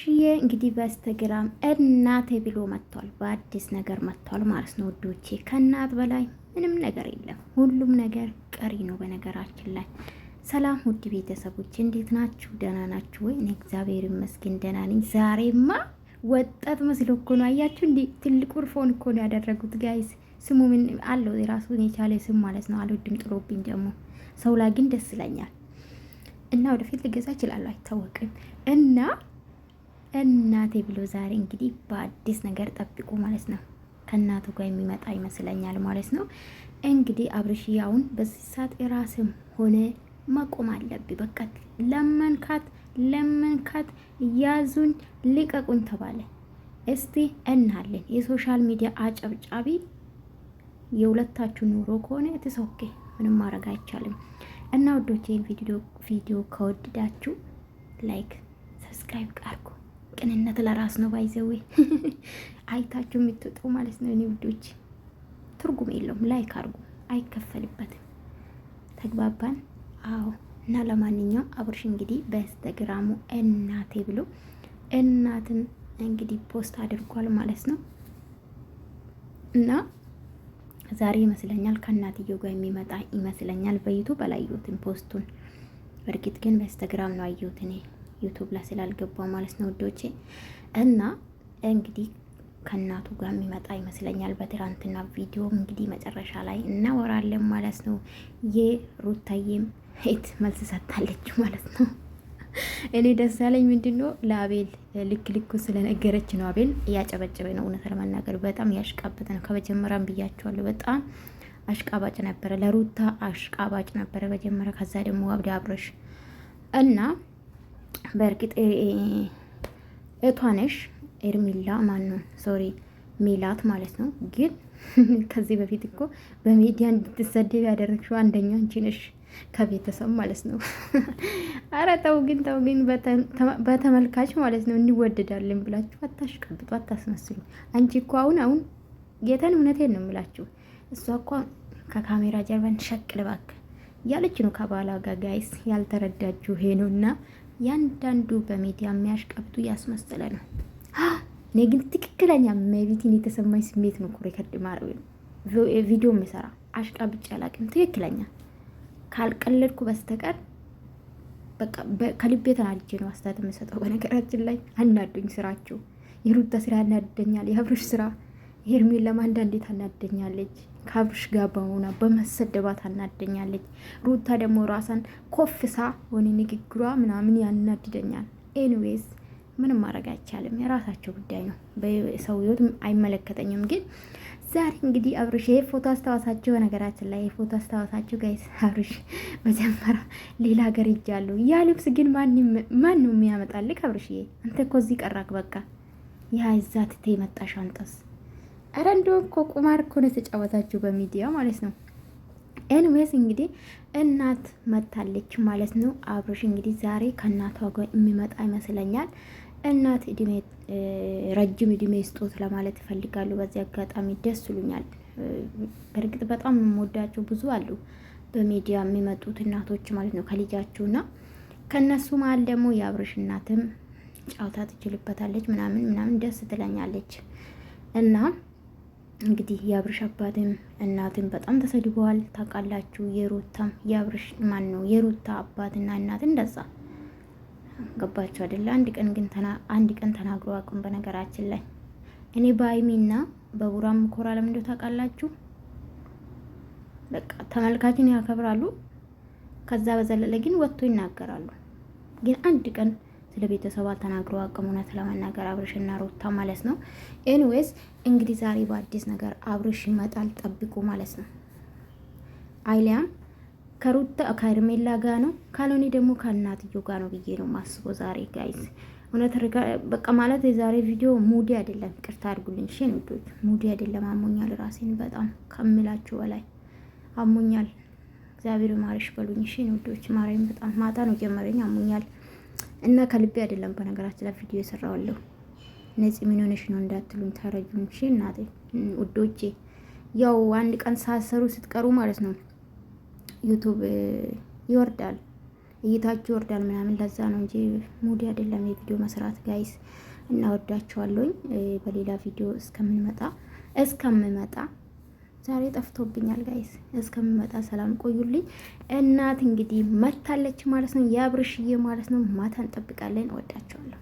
ሽዬ እንግዲህ በኢንስታግራም እናቴ ብሎ መጥቷል። በአዲስ ነገር መጥቷል ማለት ነው ውዶቼ። ከእናት በላይ ምንም ነገር የለም። ሁሉም ነገር ቀሪ ነው። በነገራችን ላይ ሰላም ውድ ቤተሰቦች እንዴት ናችሁ? ደህና ናችሁ ወይ? እኔ እግዚአብሔር ይመስገን ደህና ነኝ። ዛሬማ ወጣት መስሎ እኮ ነው። አያችሁ እንዲ ትልቁ ርፎን እኮ ነው ያደረጉት ጋይስ። ስሙ ምን አለው? የራሱን የቻለ ስም ማለት ነው። አልወድም ጥሎብኝ ደግሞ ሰው ላይ ግን ደስ ይለኛል። እና ወደፊት ልገዛ እችላለሁ አይታወቅም እና እናቴ ብሎ ዛሬ እንግዲህ በአዲስ ነገር ጠብቁ ማለት ነው። ከእናቱ ጋር የሚመጣ ይመስለኛል ማለት ነው። እንግዲህ አብርሽያውን በዚህ ሰዓት የራስም ሆነ መቆም አለብ። በቃ ለመንካት ለመንካት ያዙን ልቀቁኝ ተባለ። እስቲ እናለን የሶሻል ሚዲያ አጨብጫቢ የሁለታችሁ ኑሮ ከሆነ ትሶኬ ምንም ማድረግ አይቻልም። እና ወዶቼ ቪዲዮ ከወደዳችሁ ላይክ ሰብስክራይብ አድርጉ። ቅንነት ለራስ ነው። ባይዘዌ አይታችሁ የምትወጡ ማለት ነው። እኔ ውዶች ትርጉም የለውም። ላይክ አድርጉ፣ አይከፈልበትም። ተግባባን? አዎ። እና ለማንኛውም አብርሽ እንግዲህ በኢንስተግራሙ እናቴ ብሎ እናትን እንግዲህ ፖስት አድርጓል ማለት ነው እና ዛሬ ይመስለኛል ከእናትየው ጋር የሚመጣ ይመስለኛል። በዩቱብ አላየሁትም ፖስቱን። በእርግጥ ግን በኢንስተግራም ነው አየሁት እኔ። ዩቱብ ላይ ስላልገባ ማለት ነው ውዶቼ። እና እንግዲህ ከእናቱ ጋር የሚመጣ ይመስለኛል በትናንትና ቪዲዮ እንግዲህ መጨረሻ ላይ እናወራለን ማለት ነው። የሩታዬም ሄት መልስ ሰጥታለች ማለት ነው። እኔ ደስ ያለኝ ምንድን ነው ለአቤል ልክ ልኩ ስለነገረች ነው። አቤል እያጨበጨበ ነው። እውነት ለመናገር በጣም ያሽቃበጠ ነው። ከመጀመሪያም ብያቸዋለሁ በጣም አሽቃባጭ ነበረ። ለሩታ አሽቃባጭ ነበረ መጀመሪያ። ከዛ ደግሞ አብደ አብረሽ እና በእርግጥ እቷነሽ ነሽ ኤርሚላ ማን ነው ሶሪ ሚላት ማለት ነው። ግን ከዚህ በፊት እኮ በሚዲያ እንድትሰደብ ያደረግሽው አንደኛ አንቺ ነሽ ከቤተሰብ ማለት ነው። አረ ተው ግን ተው ግን በተመልካች ማለት ነው እንወደዳለን ብላችሁ አታሽቀብጡ፣ አታስመስሉ። አንቺ እኮ አሁን አሁን ጌተን እውነቴን ነው የምላችሁ። እሷ እኮ ከካሜራ ጀርባ ሸቅል እባክህ ያለች ነው ከባላ ጋር ጋይስ። ያልተረዳችሁ ሄኖና ያንዳንዱ በሚዲያ የሚያሽቀብጡ እያስመሰለ ነው። እኔ ግን ትክክለኛ መቤቴን የተሰማኝ ስሜት ነው እኮ ከድማር ማድረግ ነው ቪዲዮ የሚሰራ አሽቃብጬ ያላቅም ትክክለኛ ካልቀለድኩ በስተቀር ከልቤ ተናድጄ ነው አስተያየት የምሰጠው። በነገራችን ላይ አናዱኝ ስራቸው። የሩታ ስራ ያናደኛል። የአብርሽ ስራ ሄርሜላም አንዳንዴ ታናደኛለች። ከአብርሽ ጋር በሆና በመሰደባት ታናደኛለች። ሩታ ደግሞ ራሳን ኮፍሳ ወኔ ንግግሯ ምናምን ያናድደኛል። ኤኒዌይስ ምንም ማድረግ አይቻልም። የራሳቸው ጉዳይ ነው። በሰው ህይወት አይመለከተኝም። ግን ዛሬ እንግዲህ አብርሽ ይሄ ፎቶ አስታዋሳቸው። በነገራችን ላይ ፎቶ አስታዋሳቸው ጋይስ፣ አብርሽ መጀመሪያ ሌላ ሀገር ይጃሉ። ያ ልብስ ግን ማንም የሚያመጣልክ አብርሽዬ፣ አንተ እኮ እዚህ ቀራክ። በቃ ያ እዛ ትቴ የመጣ ሻንጣስ ኧረ እንደውም እኮ ቁማር እኮ ነው የተጫወታችሁ በሚዲያ ማለት ነው። ኤንዌስ እንግዲህ እናት መታለች ማለት ነው። አብርሽ እንግዲህ ዛሬ ከእናቷ ጋር የሚመጣ ይመስለኛል። እናት እድሜ ረጅም እድሜ ስጦት ለማለት ይፈልጋሉ። በዚህ አጋጣሚ ደስ ይሉኛል። በእርግጥ በጣም የምወዳቸው ብዙ አሉ በሚዲያ የሚመጡት እናቶች ማለት ነው ከልጃችሁና ከእነሱ መሀል ደግሞ የአብርሽ እናትም ጫውታ ትችልበታለች ምናምን ምናምን ደስ ትለኛለች እና እንግዲህ የአብርሽ አባትም እናትም በጣም ተሰድበዋል። ታውቃላችሁ የሩታም የአብርሽ ማን ነው የሩታ አባትና እናት እንደዛ ገባችሁ አይደለ? አንድ ቀን ግን አንድ ቀን ተናግሮ አቁም። በነገራችን ላይ እኔ በሀይሚና በቡራም ኮራ ለምንድነው ታውቃላችሁ? በቃ ተመልካችን ያከብራሉ። ከዛ በዘለለ ግን ወጥቶ ይናገራሉ። ግን አንድ ቀን ስለ ተናግሮ አልተናግረው አቅም እውነት ለመናገር አብርሽና ሮታ ማለት ነው። ኤንዌስ እንግዲህ ዛሬ በአዲስ ነገር አብርሽ ይመጣል ጠብቁ ማለት ነው። አይሊያም ከሩታ ከእርሜላ ጋ ነው፣ ካልሆኔ ደግሞ ከእናትዮ ጋ ነው ብዬ ነው ማስቦ ዛሬ ጋይዝ እውነት በቃ ማለት የዛሬ ቪዲዮ ሙዲ አይደለም፣ ቅርታ አድርጉልኝ። እሺ ንዶች ሙዲ አይደለም፣ አሞኛል። ራሴን በጣም ከምላችሁ በላይ አሞኛል። እግዚአብሔር ማርሽ በሉኝ። እሺ ውዶች ማረኝ። በጣም ማታ ነው ጀመረኝ፣ አሞኛል። እና ከልቤ አይደለም በነገራችን ላይ ቪዲዮ የሰራዋለሁ። ነፂ ምን ሆነሽ ነው እንዳትሉኝ ተረጁም እሺ እናቴ ውዶቼ፣ ያው አንድ ቀን ሳሰሩ ስትቀሩ ማለት ነው ዩቱብ ይወርዳል፣ እይታችሁ ይወርዳል ምናምን። ለዛ ነው እንጂ ሙዲ አይደለም የቪዲዮ መስራት ጋይስ። እና ወዳችኋለሁኝ። በሌላ ቪዲዮ እስከምንመጣ እስከምመጣ ዛሬ ጠፍቶብኛል ጋይስ። እስከምመጣ ሰላም ቆዩልኝ። እናት እንግዲህ መታለች ማለት ነው፣ የአብርሽዬ ማለት ነው። ማታ እንጠብቃለን። ወዳቸዋለሁ።